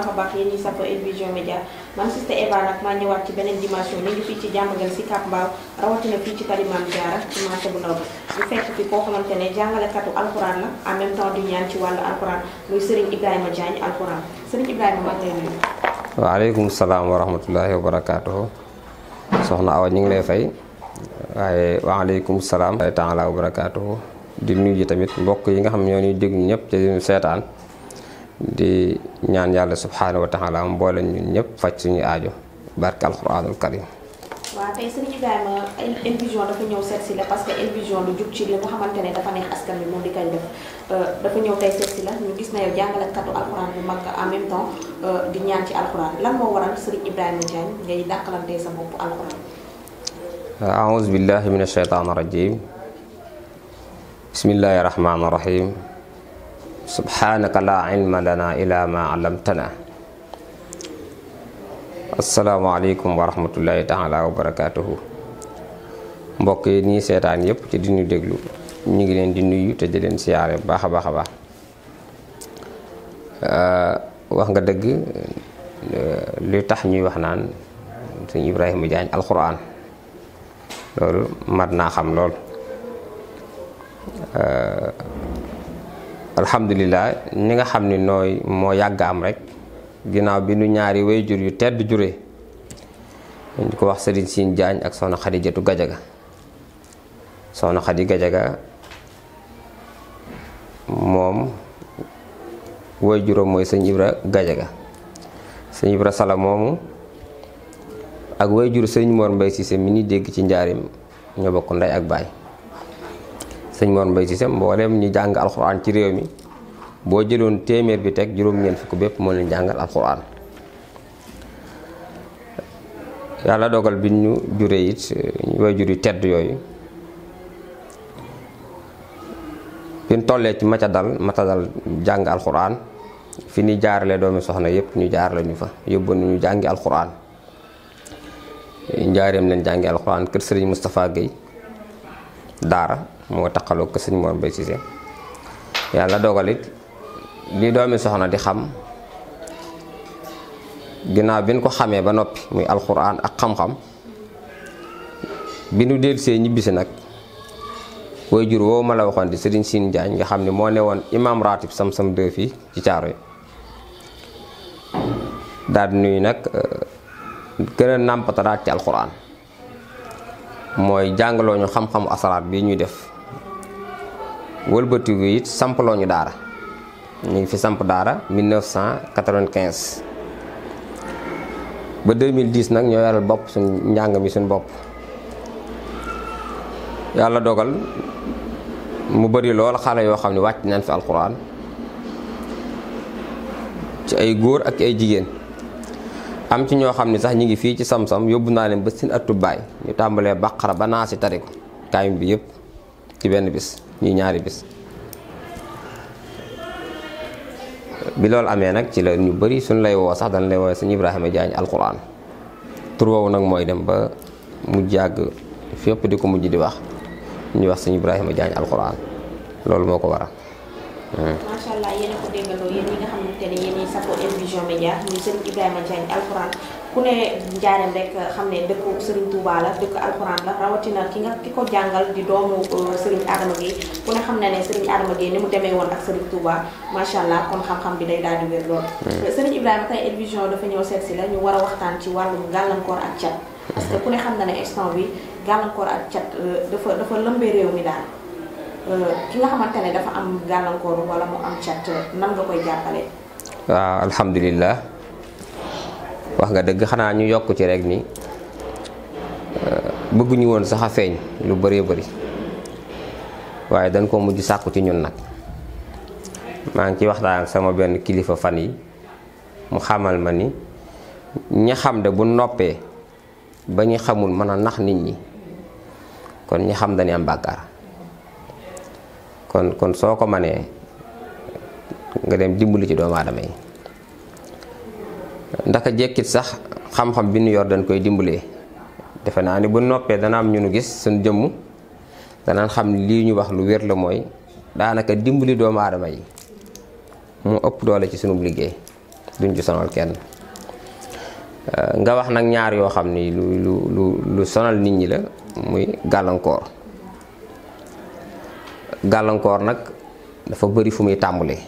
baax a baax yéen ñi safo El Vision Médias man sister Eva nak ma ñëwaat ci benen dimension ñu ngi fii ci jàmmagal si Kap Mbaaw rawatina fii ci tali Jaara ci marché bu ndaw bi ñu fekk fi koo xamantene jàngale katu alxuraan la en même temps du ñaan ci wàllu alxuraan muy Serigne Ibrahima Diagne alxuraan Serigne Ibrahima maa ngi lay wa alaykum salaam wa rahmatullahi wa barakatuh soxna Awa ñu ngi lay fay waaye waaleykum salaam wa taala wa barakatuh di nuyu tamit mbokk yi nga xam ñoo ñuy déglu ñëpp ci seetaan di ñaan yàlla subhaanahu wa taala boole ñun ñëpp faj suñu aajo barke alquranul karim waaw tey sëñ Ibrahima El Vision dafa ñëw seet la parce que El Vision lu ci li nga xamante ne dafa neex askan wi moom di koy def euh, dafa ñëw tey seet la ñu gis na yow jàngalekatu alxuraan bu mag en même temps euh, di ñaan ci alxuraan lan moo waral sëriñ Ibrahima Diagne ngay dàqalantee sa bopp alxuraan. aouzu billahi min ashaytaani rajim bismillahi rahmaani rahim. Subhanaka la ilma ila ma alamtana Assalamualaikum warahmatullahi ta'ala wa barakatuhu Mbokki ni setan yip Ke dinu deglu Nyigilin dinu yu Te jelin siyari Baha baha baha Wah nga Ibrahim Ujain Al-Quran Lalu Madna kham lol alhamdulilah ni nga xam ni nooy moo yàgg am rek ginnaaw bi nu ñaari way jur yu tedd jure ñu ko wax Serigne Sine jaañ ak soxna Xadijatu Gajaga soxna Xadi Gajaga moom way juróom mooy sëñ Ibra Gajaga sëñ Ibra Sala moomu ak way jur sëñ Mor Mbay Sise mi ni dégg ci njaarim ñoo bokk ndey ak baay sëñ Mor Mbaye Cissé mboolem ñu jàng alxuraan ci réew mi boo jëloon téeméer bi teg juróom-ñeent fukk bépp moo leen jàngal alxuraan yàlla dogal bi ñu jure it ñu juri tedd yooyu fi ñu tollee ci maca dal fi ñu jaarale doomi soxna yëpp ñu jaar ñu fa yóbbu ñu jàngi alxuraan njaareem leen jàngi alxuraan kër sëriñ Moustapha Guèye daara moo taqaloo ko sëñ Mor Mbaye Cissé yàlla dogalit li doomi soxna di xam ginnaaw bi ñu ko xamee ba noppi muy alxuraan ak xam-xam bi nu dellusee ñibbisi nag way jur woowu ma la waxoon di sëriñ Sine Diagne nga xam ne moo ne woon imam ratib sam-sam deux fii ci caaro yi daal nuyu nag euh, gën a nàmpatalaat ci alxuraan mooy jàngaloo ñu xam-xamu asaraat bii ñuy def wi it samp loñu daara ñi fi samp daara 1995 ba 2010 nak ñoo yaral bop suñ njàng mi suñ bop yalla dogal mu bari lool xala yo xamni wacc nañ fi alquran ci ay goor ak ay jigen am ci ñoo xamni sax ñi ngi fi ci sam-sam yóbbu leen ba seen ëttu ñu tàmbalee baqara ba nasi bi ci benn bis ñi ñaari bis bi lol amé nak ci la ñu bari suñ lay wo sax dañ lay wo señ Ibrahima Diagne alquran tur wo nak moy dem ba mu jagg fepp di mujj di wax ñu wax señ Ibrahima alquran lol moko macha allah yéen a ko déggandoo yéen ñi nga xamante ne yéen ñi sakko El Vision Médias muy sëñ Ibrahima Diagne alxuraan ku ne Njaareem rek xam ne dëkku Serigne la dëkk alxuraan la rawatina ki nga ki ko jàngal di doomu uh, Serigne Adama Gueye ku ne xam na ne Serigne Adama Gueye ni mu demee woon ak Serigne Touba macha allah kon xam-xam bi day daal di wér lool. Mm. Euh, Serigne Ibrahima tey El dafa ñëw seet si la ñu war a waxtaan ci wàllum gàllankoor ak cat. parce que mm-hmm. ku ne xam na ne instant bi gàllankoor ak cat euh, dafa dafa lëmbee réew mi daal. ki nga xamantene dafa am galankor wala mu am chat nan nga koy jappalé wa alhamdullilah wax nga deug xana ñu yok ci rek ni bëggu ñu won sax afeñ lu bari bëri waye dañ ko muju sakku ci ñun nak ma ngi waxtaan sama ben kilifa fan yi mu xamal ma ni ñi xam de bu noppé bañu xamul mëna nax nit ñi kon ñi xam dañu am bakkar kon kon soo ko manee nga dem dimbali ci doomu adama yi ndaka jekkit sax xam-xam bi nu yor dañ koy dimbalee defe naa ni bu noppee dana am ñu nu gis suñ jëmm danaan xam lii ñu wax lu wér la mooy daanaka dimbali doomu aadama yi mu ëpp doole ci sunu liggéey duñ ci sonal kenn nga wax nag ñaar yoo xam ni lu lu lu sonal nit ñi la muy gàllankoor gàllankoor nag dafa bëri fu muy tàmbalee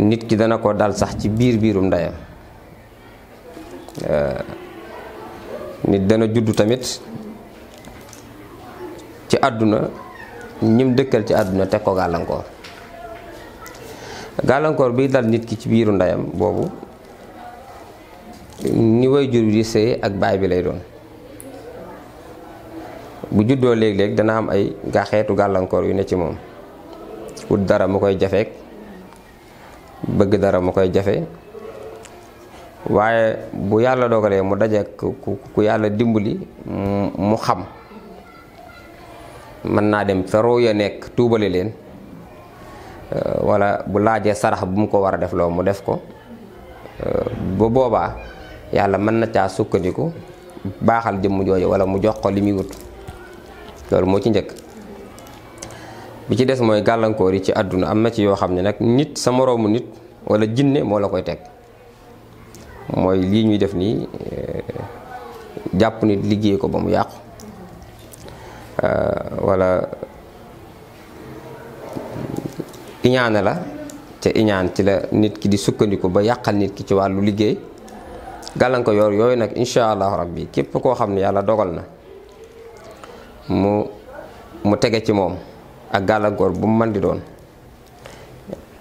nit ki dana ko dal sax ci biir biirum ndeyam eh, nit dana juddu tamit ci àdduna ñim dëkkal ci àdduna teg ko gàllankoor gàllankoor bi dal nit ki ci biiru ndeyam boobu ni way jur bi di ak baay bi lay doon bu juddoo léeg-léeg dana am ay nga xeetu gàllankoor yu ne ci moom wut dara mu koy jafeek bëgg dara mu koy jafe waaye bu yàlla dogalee mu daje ku ku yàlla dimbali mu xam mën naa dem fa roo ya nekk tuubale leen euh, wala bu laajee sarax bu mu ko war a def loo mu def ko euh, ba boobaa yàlla mën na caa sukkandiku baaxal jëmm jooju wala mu jox ko li muy wut loolu moo ci njëkk bi ci dess moy galankor yi ci aduna amna ci yo nak nit sa morom nit wala jinne mo la koy tek moy li ñuy def ni eh, japp nit liggéey ko bamu yaq eh, wala iñaane la te iñaan ci la nit ki di sukkandiku ba yaqal nit ki ci walu liggéey galankor yooyu nak incha allahu rabbi kep ko xam yalla dogal na mu mu tege ci moom ak gàllankoor bu mu mën di doon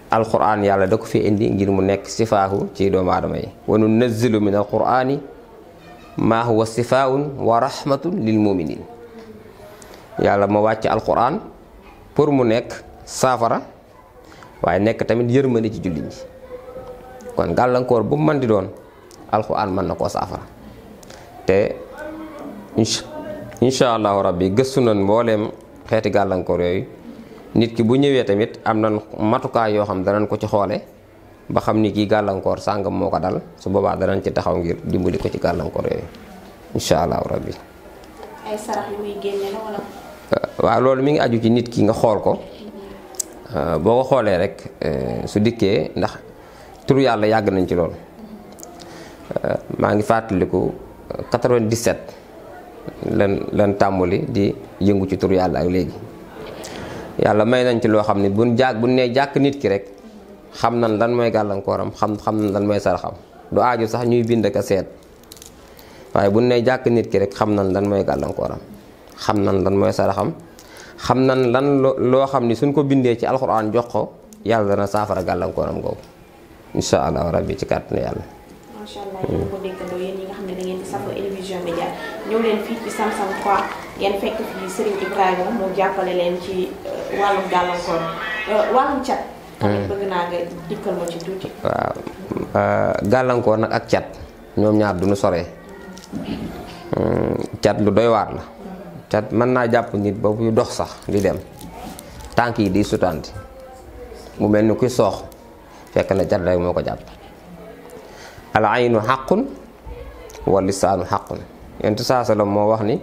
alquran yàlla da ko fi indi ngir mu nekk sifaahu ci doomu aadama yi wa nunazzilu min alqurani maa huwa sifaun wa rahmatun lil muminin yàlla ma wàcc alxuraan pour mu nekk saafara waaye nekk tamit yërmande ci jullit ji kon gàllankoor bu mu di doon alquran mën na koo saafara te incha allahu rabbi gëstu nañ mbooleem xeeti gàllankoor yooyu nit ki bu ñëwee tamit am na matukaay yoo xam danañ ko ci xoole ba xam ni kii gàllankoor sàngam moo ko dal su boobaa danañ ci taxaw ngir dimbali ko ci gàllankoor yooyu incha allahu rabbi ay uh, waaw loolu mi ngi aju ci nit ki nga xool ko uh, boo ko xoolee rek uh, su dikkee ndax tur yàlla yàgg nañ ci loolu maa ngi fàttaliku 97. lan tàmbuli di yëngu ci tur yàlla ak léegi yàlla may nañ ci loo xam ne buñ jàkk buñ nee jàkk nit ki rek xam nan lan mooy gàllankooram xam xam nan lan mooy saraxam du aaju sax ñuy bind waaye buñ nee jàkk nit ki rek xam na lan mooy gàllankooram xam nan lan mooy saraxam xam nan lan loo xam ni suñ ko bindee ci alxuraan jox ko yàlla dana saafara gàllankooram googu incha allah rabbi ci kàttanu yàlla. ñëw leen fii ci Samsam 3 ngeen fekk fii Serigne Ibrahima mu jàppale leen ci euh, wàllum gàllankoor euh, wàllum cat. Eh. bëgg naa nga dikkal euh, ak cat ñoom ñaar du ñu soree hmm, cat lu doy waar la. cat mën naa jàpp nit ba buy dox sax di dem tànk yi di sutaanti mu mel ni kuy soox fekk na cat rek moo ko jàpp. al aynu xaqun wa lisaanu xaqun. yentu saa salaam moo wax ni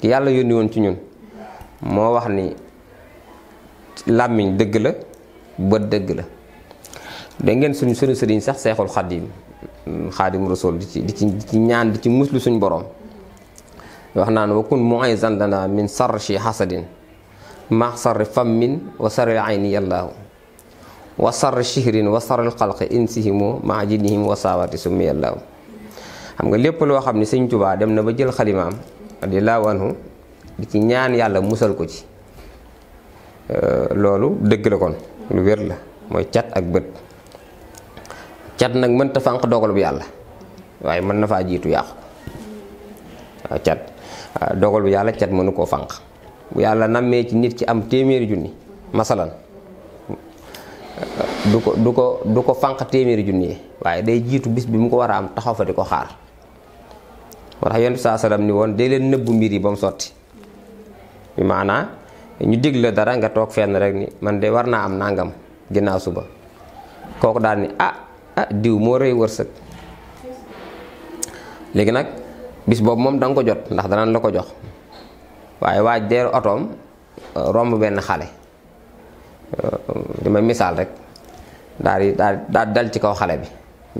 ki yàlla yónni woon ci ñun moo wax ni làmmiñ dëgg la bët dëgg la da ngeen suñ suñu sëriñ sax seexul xadim xaadim rasul di ci di ci ñaan di ci muslu suñu borom wax naan wakun mu'izan lana min sarchi xasadin ma sarri fammin wa sarri ayni yallaahu wa sarri shihrin wa sarri xalqi insihimu ma jinihim wa saawati summi yallaahu xam nga lépp loo xam ni sëñ Tuubaa dem na ba jël xalimaam di laawanhu di ci ñaan yàlla musal ko ci euh, loolu dëgg la kon lu wér la mooy cat ak bët cat nag mënta fànq dogalu yàlla waaye mën na faa jiitu yàqu cat dogal bu yàlla cat mënu koo fànq bu yàlla nammee ci nit ci am téeméeri junni masalan du ko du ko du ko fànq téeméeri junni waaye day jiitu bis bi mu ko war a am taxaw fa di ko xaar moo tax yonent saa salaam ni won de len neub mbir yi ba mu bi maanaa ñu dig la dara nga tok fenn rek ni man de warna am nangam ginnaaw suba koku daal ni ah ah diw mo rëy wërseuk léegi nak bis bob mom dang ko jot ndax dana la ko jox waye waj der otoom euh, romb ben xalé euh, dama misal rek daal di daal dal ci kaw xalé bi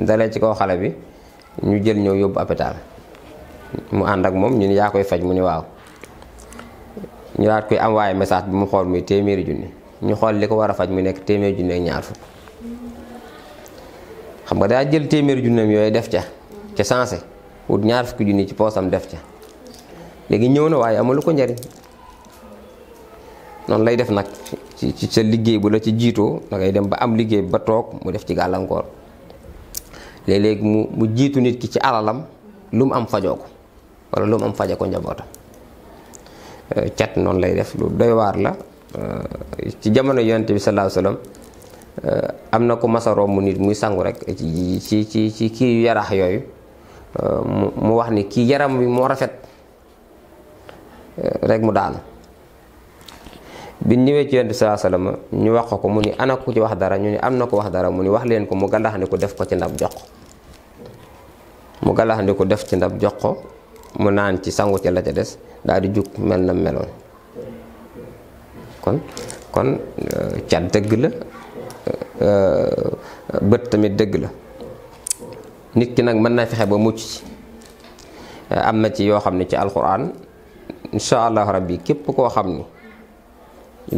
dalé ci kaw xalé bi ñu jël ñëw yóbbu hôpital mu ànd ak moom ñu ni yaa koy faj mu ni waaw ñu daat koy envoyé message bi mu xool muy téeméeri junni ñu xool li ko war a faj mu nekk téeméeri junni ak ñaar fukk xam nga daa jël téeméeri junneem yooyu def ca ca sensé wut ñaar fukk junni ci poosam def ca léegi ñëw na waaye amalu ko njariñ noonu lay def nag ci ci sa liggéey bu la ci jiitoo da ngay dem ba am liggéey ba toog mu def ci gàllankoor léeg-léeg mu mu jiitu nit ki ci alalam lu mu am fajoo ko wala lu mu am faje ko njabootam euh, cat noonu lay def lu doy waar la euh, ci jamono yonent bi sallallahu alayhi euh, am na ko masa mu nit muy sangu rek ci ci ci kii yu yarax yooyu mu wax ni kii yaram wi moo rafet rek mu daal bi ñëwee ci yonent bi sallallahu alayhi ñu wax ko mu ni ana ku ci wax dara ñu ni am na ko wax dara mu ni wax leen ko mu gàllaxandiku def ko ci ndab jox mu gàllaxandiku def ci ndab jox ko mu naan ci sangu ci la ca des daal di jug mel na meloon kon kon euh, cat dëgg la euh, bët tamit dëgg la nit ki nag mën naa fexe ba mucc ci euh, am na ci yoo xam ne ci alquran incha allah rabbi képp koo xam ni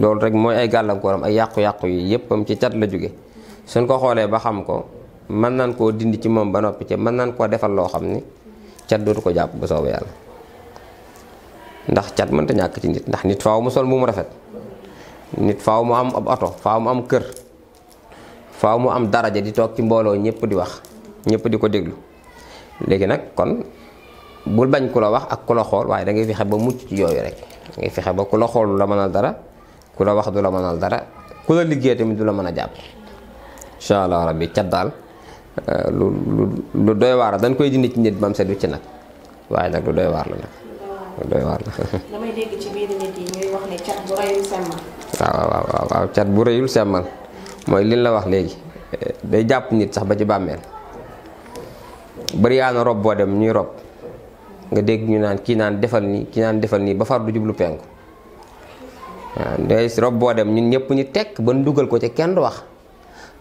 loolu rek mooy ay gàllankooram ay yàqu-yàqu yi yéppam ci cat la jóge suñ ko xoolee ba xam ko mën naan koo dindi ci moom ba noppi ci mën nan koo defal loo xam ni cat dootu ko jàpp bu soobee yàlla ndax cat mënta ñàkk ci nit ndax nit faaw mu sol mu rafet nit faaw mu am ab oto faaw mu am kër faaw mu am daraja di toog ci mbooloo ñëpp di wax ñëpp di ko déglu léegi nag kon bul bañ ku la wax ak ku la xool waaye da ngay fexe ba mucc ci yooyu rek da ngay fexe ba ku la xool du la mënal dara ku la wax du la mënal dara ku la liggéey tamit du la mën a jàpp rabbi cat daal lu lu lu doy waar la dañ koy dindi ci nit bam set ci nag waaye nag lu doy waar la nag lu doy waar la. bu rëyul semmal. waaw waaw waaw cat bu rëyul semmal mooy liñ la wax léegi eh, day jàpp nit sax ba ci bàmmeel bëri yaa rob boo dem ñuy rob nga dégg ñu naan kii naan defal nii kii naan defal nii ba far du jublu penku waaw day rob boo dem ñu ñëpp ñu tekk ba nu dugal ko ci kenn du wax.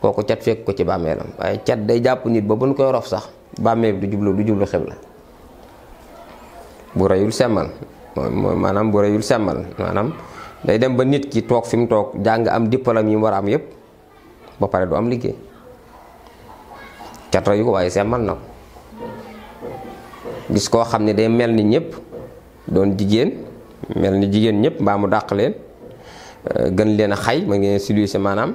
koku chat fek ko ci bamélam waye chat day japp nit ba buñ koy rof sax bamé du jublu du jublu xibla bu rayul semal mooy maanaam bu rayul semal manam day dem ba nit ki tok fim tok jang am diplôme yi mu war am yépp ba paré du am liggé chat rayu ko waye semal na gis ko xamné day mel ni doon jigen mel ni jigéen ba mu dakk leen gën leen xay ma ngeen siluise manam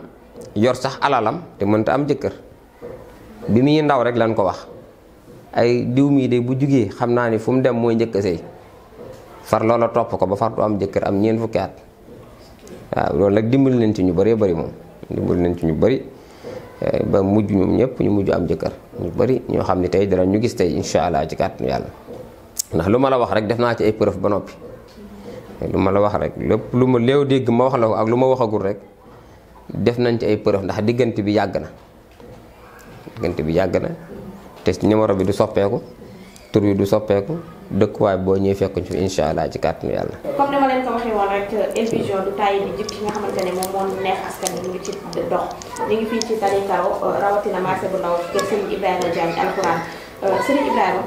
yor sax alalam te mënta am jëkkër bi muy ndaw rek lañ ko wax ay diw mii de bu jugee xam naa ni fu mu dem mooy njëkk far loola topp ko ba far du am jëkkër am ñeent fukki at waaw loolu nag dimbali nañ ci ñu bëree bari moom dimbali nañ ci ñu bëri eh, ba mujj ñoom ñëpp ñu mujj am jëkkër ñu bari ñoo xam ne tey dana ñu gis tey incha allah ci kàttanu yàlla ndax lu ma la wax rek def naa ci ay preuve ba noppi lu ma la wax rek lépp lu ma léew dégg ma wax la ko ak lu ma waxagul rek def nañ ci ay preuve ndax diggante bi yàgg na diggante bi yàgg na te numéro bi du soppeeku tur bi du soppeeku dëkkuwaay boo ñëwee fekkuñ fi incha allah ci kàttanu yàlla. comme ni leen ko waxee woon rek El du taay di jëkk yi nga xamante ne moom moo neex askan wi ñu ci dox ñu ngi fii ci Tali rawatina marché bu ndaw kër Serigne Ibrahima Diagne alxuraan euh, Serigne Ibrahima.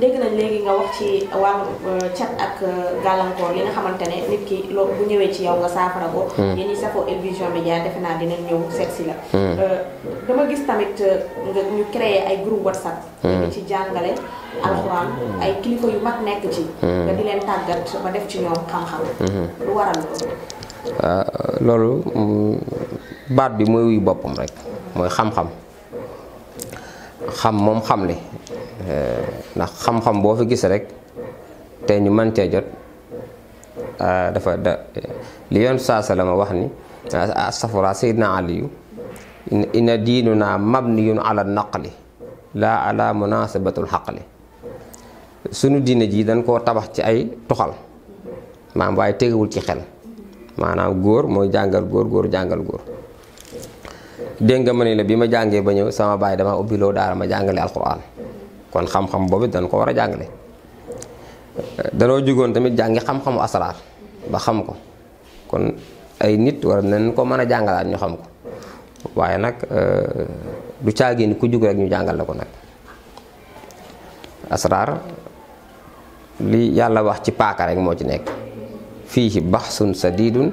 dégg nañ léegi nga wax ci wàllu euh, cat ak euh, gàllankoor li nga xamante ne nit ki loolu bu ñëwee ci yow nga saafara ko. Hmm. yéen ñi safoo El Vision Médias defe naa dinañ ñëw seet la. Hmm. Euh, dama gis tamit nga ñu créé ay groupe WhatsApp. dañu hmm. ci jàngale alxuraan ay kilifa yu mag nekk ci. nga di leen tàggat ba def ci ñoom xam-xam. lu waral loolu ah, mm, baat bi mooy wuyu boppam rek mooy xam-xam xam moom xam le Eh, ndax xam-xam boo fi gis rek te ñu mën cee jot ah, dafa da li yoon saasa la ma wax ni astafura sayyidina aliyu inna diinuna mabniyun ala naqli laa ala munasabatul xaqli sunu diine ji dañ koo tabax ci ay tuxal maam waaye tegewul ci xel maanaam góor mooy jàngal góor góor jàngal góor dégg nga ma ne la bi ma jàngee ba ñëw sama baay dama ubbiloo daara ma jàngale alquran kon xam-xam boobu dañ ko war a jàngale danoo jugoon tamit jàngi xam-xamu asraar ba xam ko kon ay nit war nañ ko mën a jàngalaat ñu xam ko waaye nag euh, du caagin ku jug rek ñu jàngale ko nag asraar li yàlla wax ci paaka rek moo ci nekk fii fiihi baxsun sadidun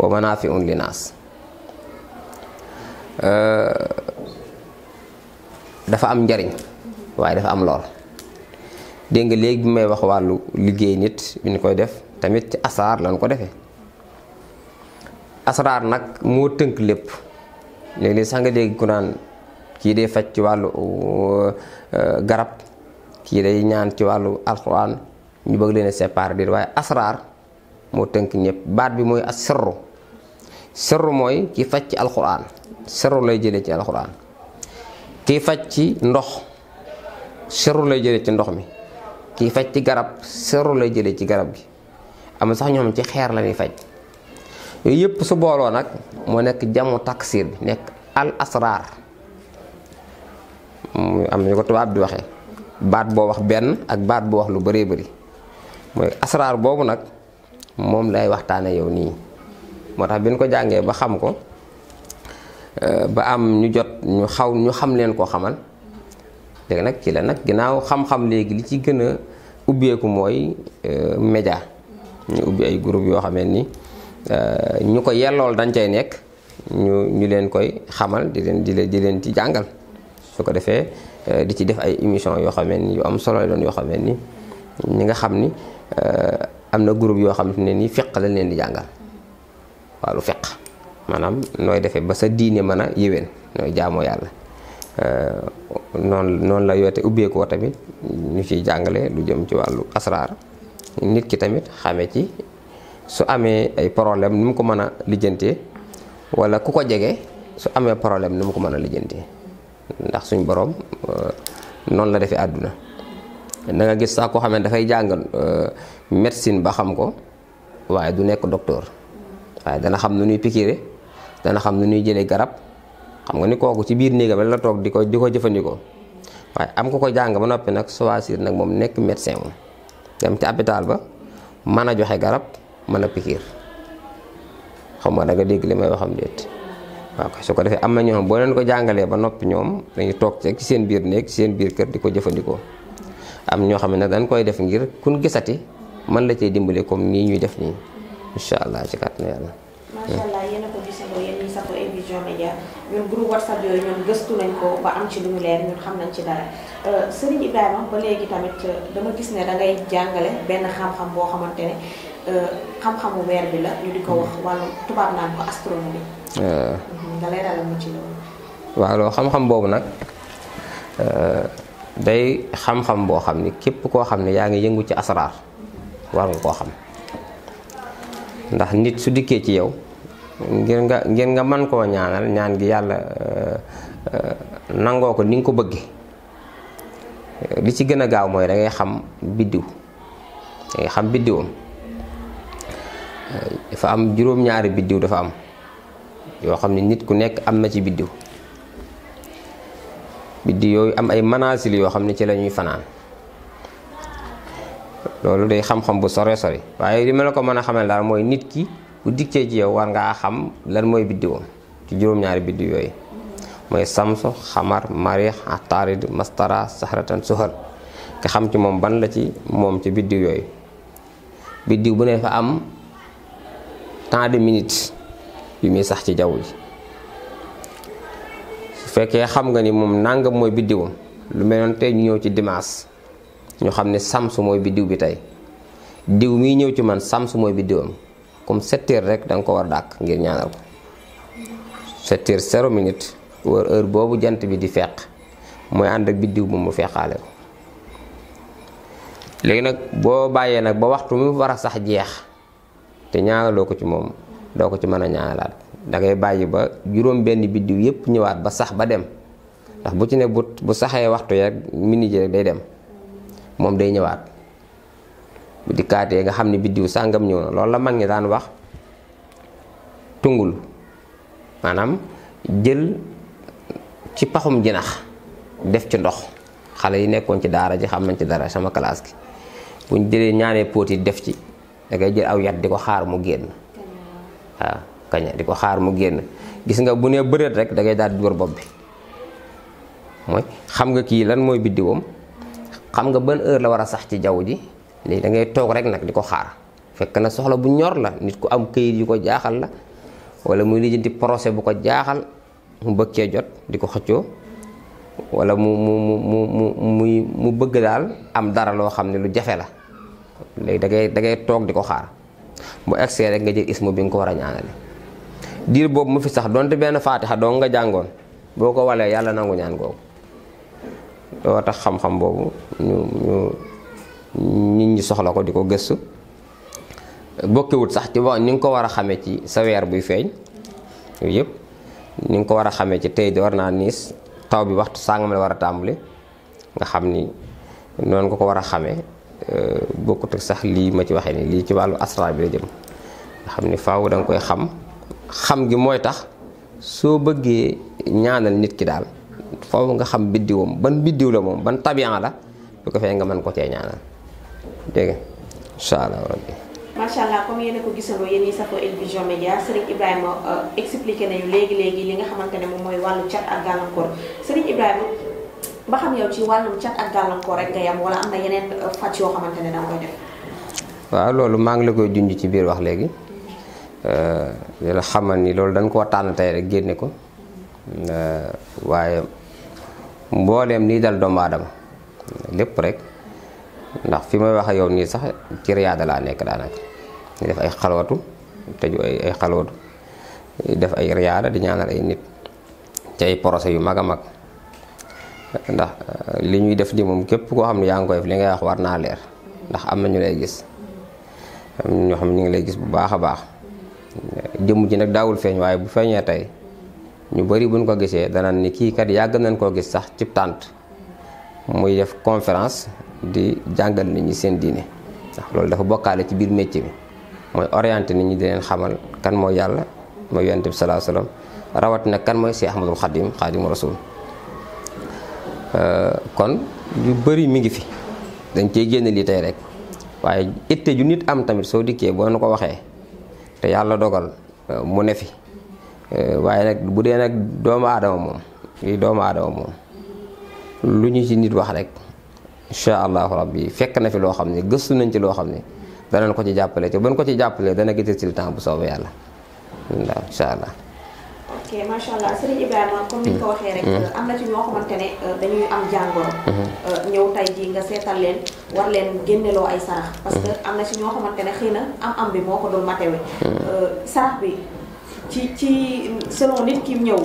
wa manaafiun linaas euh, dafa am njariñ waaye dafa am lool dégg nga léegi bi may wax wàllu liggéey nit bi ñu koy def tamit ci asraar lañ ko defe asraar nag moo tënk lépp léegi sax nga dégg ku naan kii day faj ci wàllu euh, garab kii day ñaan ci wàllu alxuraan ñu bëgg leen a séparer waaye asraar moo tënk ñëpp baat bi mooy asirru sirru mooy ki faj ci alxuraan sirru lay jëlee ci alxuraan kii faj ci ndox seru lay jëlee ci ndox mi kii faj ci garab seru lay jëlee ci garab gi am sax ñoom ci xeer la ñuy faj yooyu yëpp su booloo nag moo nekk jamu taksir bi nekk al asraar am ñu ko tubaab di waxee baat boo wax benn ak baat boo wax lu bëree bëri mooy asraar boobu nag moom lay waxtaane yow nii moo tax bi ñu ko jàngee ba xam ko eh, ba am ñu jot ñu xaw ñu xam leen koo xamal léegi nag ci la nag ginnaaw xam-xam léegi li ci gën a ubbeeku mooy euh, média ñu ubbi ay groupe yoo xamee ni euh, ñu ko yellool dañ cay nekk ñu ñu leen koy xamal di leen di leen di leen ci jàngal su ko defee euh, di ci def ay émission yoo xamee ni yu am solo doon yoo xamee ni ñi nga xam ni am na groupe yoo xam ne nii fiq lañ leen di jàngal waaw lu fiq maanaam nooy defee ba sa diine mën a yéwén nooy jaamoo yàlla Euh, noonu noonu la yoote ubbeekoo tamit ñu ciy jàngale lu jëm ci wàllu asraar nit ki tamit xame ci su amee ay problème ni mu ko mën a lijjantee wala ku ko jege su amee problème ni mu ko mën a lijjantee ndax suñ borom euh, noonu la defee àdduna da gis sax koo xam ne dafay jàngal euh, médecine ba xam ko waaye du nekk docteur waaye dana xam nu ñuy pikiire dana xam nu ñuy jëlee garab xam nga ni kooku ci biir néegam la toog di ko di ko jëfandikoo waaye am ku ko jàng ba noppi nag choisir nag moom nekk médecin moom dem ci hôpital ba mën a joxe garab mën a pikiir xam nga da nga dégg li may waxam déet defee am na boo leen ko jàngalee ba noppi ñoom dañuy toog ci seen biir néeg seen biir kër di ko jëfandikoo am ñoo xam ne nag dañ koy def ngir kun gisati man la cee dimbale comme nii ñuy def nii incha allah ci kàttan yàlla. ñun groupe whatsapp yooyu ñun gëstu nañ ko ba am ci lu ñu leer ñun xam nañ ci dara euh, Serigne Ibrahima ba léegi tamit euh, dama gis ne da jàngale benn xam-xam boobu nag euh, day xam-xam boo xam ni képp koo xam ne yaa ngi yëngu ci asraar war nga koo xam ndax nit su dikkee ci yow. ngir nga ngir nga man koo ñaanal ñaan gi yàlla euh, euh, nangoo ko ni nga ko bëggee li ci gën a gaaw mooy da ngay xam biddiw da xam biddiwam dafa am juróom-ñaari dafa am yoo xam ne nit ku nekk am na ci biddiw biddiw yooyu am ay manaasil yoo xam ne ci lañuy fanaan loolu day xam-xam bu sore sore waaye li ma la ko mën a xamal daal mooy nit ki bu dikkee ji yow war ngaa xam lan mooy biddiwam ci juróom-ñaari biddiw yooyu mooy samsu xamar marix atarid mastara sahratan suhal nga xam ci moom ban la ci moom ci biddiw yooyu biddiw bu ne fa am temps de minit yu muy sax ci jaww ji su fekkee xam nga ni moom nangam mooy biddiwam lu meloon noonu tey ñu ñëw ci dimanche ñu xam ne samsu mooy biddiw bi tey diw miy ñëw ci man samsu mooy biddiwam comme 7 heures rek dang ko war dak ngir ñaanal ko 7 heures 0 minute wër heure bobu jant bi di fekk moy and ak bidiw bu mu fekkale legi nak bo baye nak ba waxtu mu wara sax jeex te ñaanaloo ko ci mom do ko ci mën ñaanalat da ngay baye ba juroom benn bidiw yépp ñëwaat ba sax ba dem ndax bu ci ne bu saxé saxee waxtu rek minute rek day dem mom day ñëwaat bu dikkaatee nga xam ne biddiw sàngam ñëw na loolu la mag ñi daan wax tungul maanaam jël ci paxum jinax def ci ndox xale yi nekkoon ci daara ji xam nañ ci dara sama classe gi buñ jëlee ñaaree póot def ci dangay jël aw yat di ko xaar mu génn waaw kaña di ko xaar mu génn gis nga bu ne bëreet rek da ngay daal di wër bopp bi mooy xam nga kii lan mooy biddiwam xam nga ban heure la war a sax ci jaww ji léegi da ngay toog rek nag di ko xaar fekk na soxla bu ñor la nit ku am këyit yu ko jaaxal la wala muy lijjanti procès bu ko jaaxal mu bëgg jot di ko xëccoo wala mu mu mu mu mu muy mu bëgg daal am dara loo xam ne lu jafe la léegi da ngay da ngay toog di ko xaar bu egsee rek nga jël ismu bi nga ko war a ñaanale diir boobu mu fi sax donte benn fatiha doo nga jàngoon boo ko walee yàlla nangu ñaan googu doo tax xam-xam boobu ñu ñu nit ñi soxla ko di ko gesu, wut sax ci ni nga ko wara a ci sa weer buy feñ yooyu ni nga ko wara a ci tey di warna nis taw bi waxtu sangam la wara a nga xamni non nga ko wara a xamee bokkut sax lii ma ci ni lii ci walu asra bi dem nga xam koy xam xam gi moy tax so ñaanal nit ki daal faaw nga xam ban biddiw la mom ban tabian la bu ko fe nga man ko te ñaanal dégg incha allah rabbi macha allah comme yéen a ko gisandoo yéen ñi safoo El Vision Médias Serigne Ibrahima euh, expliqué nañu léegi léegi li nga xamante ne mooy wàllu cat ak gàllankoor Serigne Ibrahima ba xam yow ci wàllum cat ak gàllankoor rek nga yam wala am na yeneen euh, faj yoo xamante ne da def. waaw loolu maa ngi la koy junj ci biir wax léegi euh, di la xamal ni loolu danga koo tànn tey rek génne ko waaye mbooleem nii dal doomu aadama lépp rek. ndax fi may wax ak yow ni sax ci riyada la nek da nak ni def ay xalwatu tëju ay ay xalwatu def ay riyada di ñaanal ay nit ci ay procès yu maga mag ndax eh, li ñuy def di mom kep ko xamni ne yaa def li nga wax war naa leer ndax am na ñu lay gis am ñu xam ni nga lay gis bu baaxa baax jëm ji nak daawul feñ waye bu feñe tay ñu bari buñ ko gisee nan ni ki kat yag nañ ko gis sax ci tante muy def conférence di jàngal nañ ñi seen diine loolu dafa bokkaale ci biir métier bi mooy orienté nit ñi di leen xamal kan mooy yàlla mooy yonent bi salaa salaam rawat na kan mooy si Ahmadul Xadim Xaadimu Rasul euh, kon yu bari mi ngi fi dañ cee génne lii tey rek waaye te ju nit am tamit soo dikkee boo na ko waxee te yàlla dogal euh, mu ne fi euh, waaye nag bu dee nag doomu aadama moom lii doomu aadama moom lu ñu ci nit wax rek incha allahu rabbi fekk na fi loo xam ne gëstu nañ ci loo xam ne danañ ko ci jàppale te buñ ko ci jàppalee dana gis ci bu soobee yàlla waaw incha allah. ok macha allah Serigne Ibrahima comme ni nga ko waxee rek. Mm-hmm. am na ci ñoo xamante ne euh, dañuy am jàngoro. Mm-hmm. Euh, ñëw tay jii nga seetal leen war leen génneloo ay sarax. Mm-hmm. parce am na ci ñoo xamante ne xëy na am-am bi moo ko doon matewe. Euh, sarax bi ci ci selon nit ki ñëw.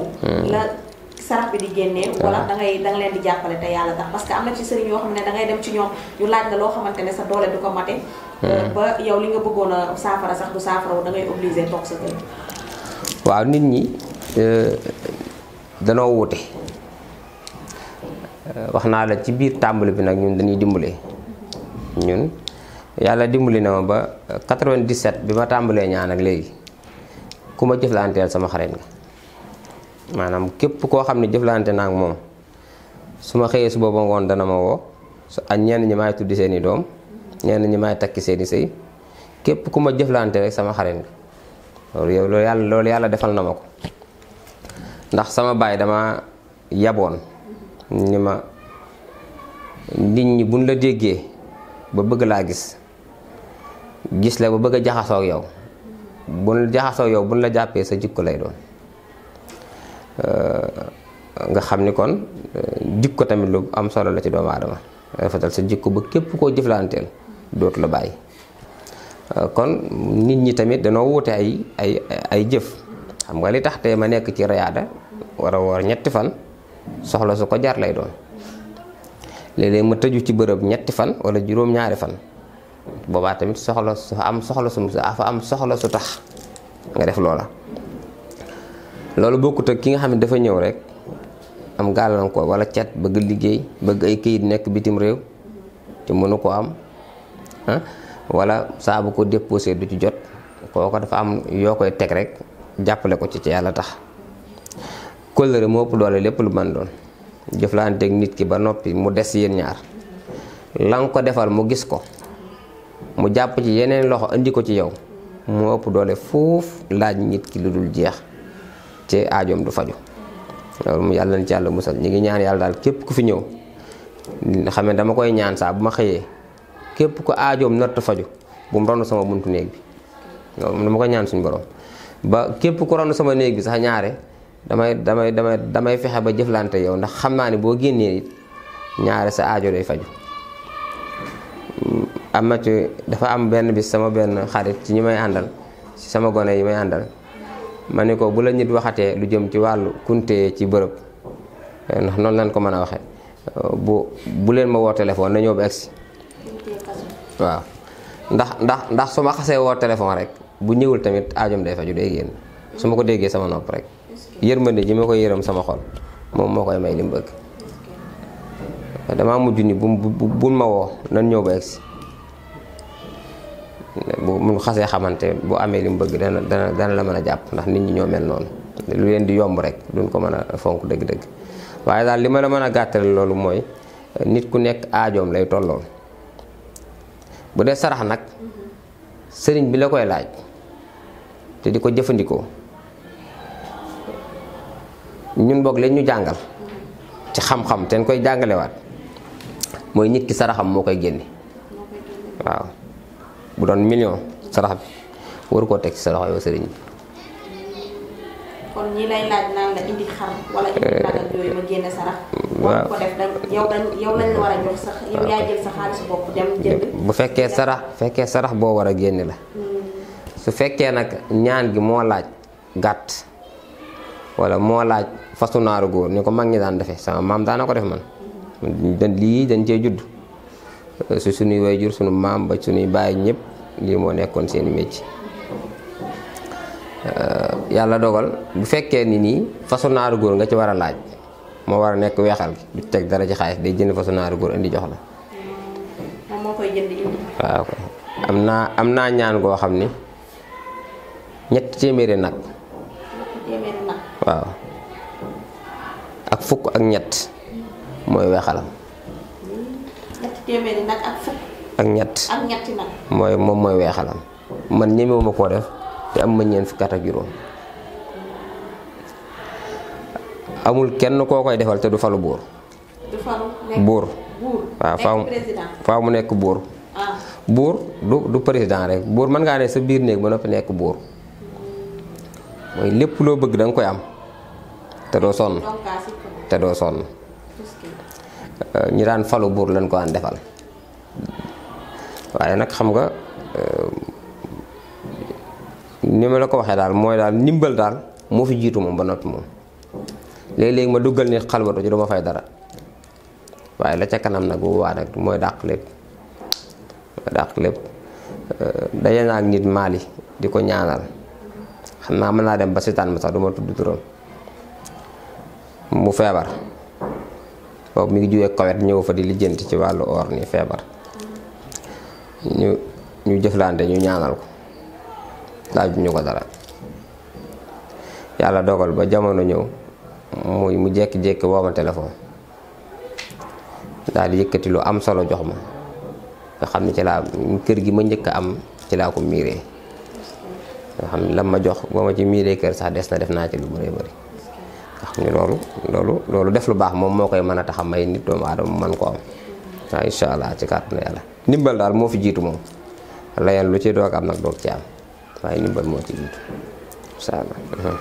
sarax bi di génnee ah. wala da ngay leen di jàppale te yàlla tax parce am na ci sëriñ yoo xam ne da dem ci ñoom ñu laaj la loo xamante ne sa doole du ko mate ah. euh, ba yow li nga bëggoon saafara sax du saafara da ngay obligé toog sa kër waaw nit ñi euh, danoo wuute euh, wax naa la ci biir tàmbali bi nag ñun dañuy dimbale ñun yàlla dimbali na ma ba 97 bi ma tàmbalee ñaan ak léegi ku ma jëflanteel sama xarit nga maanaam képp koo xam ne jëflante naa ak moom su ma xëyee suba ba ngoon dana ma woo su ak ñenn ñi maay tuddi seeni doom ñenn ñi may takki seeni sëy képp ku ma jëflante rek sama xarit nga loolu yow loolu yàlla defal na ma ko ndax sama baay dama yaboon ni ma nit ñi buñ la déggee ba bëgg laa gis gis la ba bëgg a jaxasoo ak yow buñ jaxasoo yow buñ la jàppee sa jikko lay doon Euh, nga xam ni kon euh, ko tamit lu am solo la ci doomu aadama rafetal sa jikko ba képp koo jëflanteel dootu la bàyyi euh, kon nit ñi tamit danoo wuute ay ay ay jëf xam nga li tax tey ma nekk ci riyaada war a woor ñetti fan soxla su ko jar lay doon léeg-léeg ma tëju ci bërëb ñetti fan wala juróom-ñaari fan boobaa tamit soxla su am soxla su fa am soxla su tax nga def loola loolu boo ko ak ki nga xam ne dafa ñëw rek am gàllankoor wala cat bëgg liggéey bëgg ay këyit nekk bitim réew te mënu koo am ah wala saa ko déposé du ci jot kooko dafa am yoo koy teg rekk jàppale ko ci ci yàlla tax kóllëre moo ëpp doole lépp lu man doon jëflanteeg nit ki ba noppi mu des yéen ñaar la ko defal mu gis ko mu jàpp ci yeneen loxo indi ko ci yow moo ëpp doole foofu laaj nit ki lu dul jeex ci aajoom du faju mu yàlla na ci yàlla musal ñi ngi ñaan yàlla daal képp ku fi ñëw xam ne dama koy ñaan saa bu ma xëyee képp ku aajoom natt faju bu mu ronu sama buntu néeg bi loolu dama ñaan suñu borom ba képp ku ronu sama néeg sax ñaare damay damay damay damay fexe ba jëflante yow ndax xam naa ne boo génnee it ñaare sa aajo day faju am na ci dafa am benn bi sama benn xarit ci ñu may àndal ci sama gone yi may àndal mané ko eh, nah, eh, bu la nit waxaté lu jëm ci walu kunté ci bërepp ndax non lañ ko mëna waxé bu bu leen ma wo téléphone na ñëw ba egsi waaw ndax ndax ndax suma xasse wo téléphone rek bu ñëwul tamit aajom ah, day faju day gën suma ko déggé sama nopp rek yërmëne ji ma ko yërëm sama xol mom mo koy may li mu bëgg damaa mujj ni bu bu ma wo nan ñëw ba exi mun xasee xamante bu amee li mu bëgg dana dana dana la mën a jàpp ndax nit ñi ñoo mel noonu lu leen di yomb rek duñ ko mën a fonk dëgg-dëgg waaye daal li ma la mën a gàttale loolu mooy nit ku nekk aajoom lay tolloon bu dee sarax nag sëriñ bi la koy laaj te di ko jëfandikoo ñun boog lañ ñu jàngal ci xam-xam te ñu koy jàngalewaat mooy nit ki saraxam moo koy génne waaw bu doon million sarax bi waru koo teg sa loxoy serigne kon ñi lay laaj naan la indi xar wala indi nagal yooyu ma génne sarax. ko def da yow dañ yow lañ wara jox sax yow ya jël sa xaaliss bopp dem jënd. bu fekke sarax fekke sarax bo wara a la. su fekke nak ñaan gi mo laaj gatt wala mo laaj fasu naaru góor ni ko mag ñi daan defee sama maam daana ko def man. Hmm. dañ li dañ cee judd eh, su sunuy way sunu maam ba sunuy bàyyi ñëpp li mo nekkon seen metti euh yalla dogal bu fekke ni ni façon naaru nga ci wara laaj mo wara a nekk weexal gi du teg dara ci xaalis day jënd façon naaru indi jox la. mo moo koy jënd indi. waaw am naa am naa ñaan goo xam ni ñetti téeméeri nag. waaw ak fukk ak ñett mooy weexalam. ñetti téeméeri nak ak fukk. ak ñett ak mooy moom mooy weexalam man ñemewuma koo def te am ma ñeent fukki ak juróom amul kenn koo koy defal te du falu buur. du falu buur. waaw faaw mu nekk buur. Ah. buur du du président rek buur man ngaa ne sa biir néeg ba noppi nekk buur mooy lépp loo bëgg da koy am te doo sonn te doo sonn euh, ñu daan falu buur lañ ko daan defal. waaye nag xam nga euh, ni ma la ko waxee daal mooy daal ndimbal daal moo fi jiitu moom ba noppi moom léeg-léeg ma duggal nit xalwatu ci du fay dara waaye la ca kanam nag bu waa nag mooy dàq lépp mooy dàq lépp euh, daje naa ak nit maali di ko ñaanal xam naa mën naa dem ba sitaan ma sax du ma tudd turam mu feebar boobu mu ngi jógee kawet ñëw fa di lijjanti ci wàllu or ni feebar ñu ñu jëflante ñu ñaanal ko laaju ñu ko dara yàlla dogal ba jamono ñew moy mu jek jek wo ma telephone dal di lu am solo jox ma nga xamni ci la kër gi ma ñëk am ci la ko miré nga xamni lam ma jox ba ma ci miré kër sax dess na def na ci lu bëree bëri nga xam lolu lolu lolu def lu baax mom moo koy mën tax may nit doom adam man ko am insha allah ci na yalla ndimbal daal moo fi jiitu moom layeen lu ci doog am nag doog ci waaye ndimbal moo ci jiitu incha allah.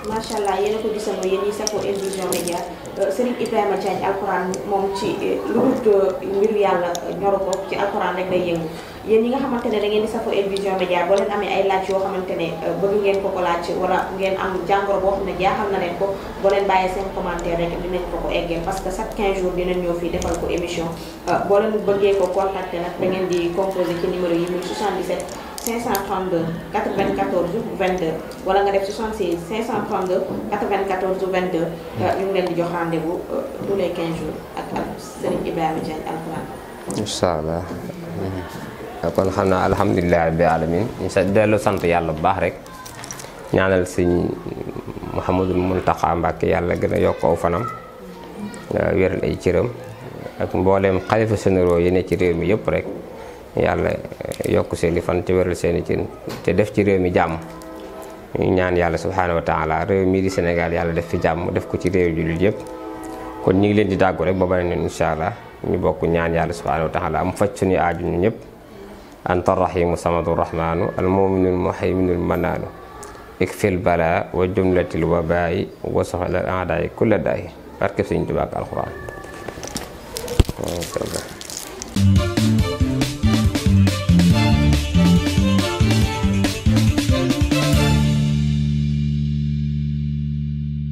macha allah yéen a ko gisandoo yéen ñi sakku El Vision Médias euh, Serigne Ibrahima Diagne alxuraan moom ci lu dul mbiru yàlla ñoru ci alxuraan rek lay yëngu. yéen ñi nga xamante ne da ngeen di safoo El Vision Médias boo leen amee ay laaj yoo xamante ne euh, bëgg ngeen ko ko laaj wala ngeen am jàngoro boo xam ne jaaxal na leen ko boo leen bàyyee seen commentaire rek dinañ ko ko eggee parce que chaque 15 jours dinañ ñëw fii defal ko émission euh, boo leen bëggee ko contacter nag da ngeen di composer ci numéro yi muy 77 532 94 22 wala nga def 76 532 94 22 ñu ngi leen di jox rendez-vous euh, tous les 15 kon xam naa alhamdulilah rabbi alamin dellu sant yàlla bu baax rek ñaanal sëñ Mouhamadul Mountakha Mbacké yàlla gën a yokk aw fanam wéral ay cëram ak mbooleem xalifa généraux yi ne ci réew mi yëpp rek yàlla yokk seeni fan ci wéral seeni cër te def ci réew mi jàmm ñaan yàlla subhaanahu wa taala réew mii di Sénégal yàlla def fi jàmm def ko ci réew jullit yëpp kon ñu ngi leen di dàggu rek ba baneen incha allah ñu bokk ñaan yàlla subhaanahu wa taala mu faj suñu aaju ñun ñëpp أنت الرحيم الصمد الرحمن المؤمن المحيمن المنان اكفي البلاء وجملة الوباء وسخل الأعداء كل داي أركب سنجبك القرآن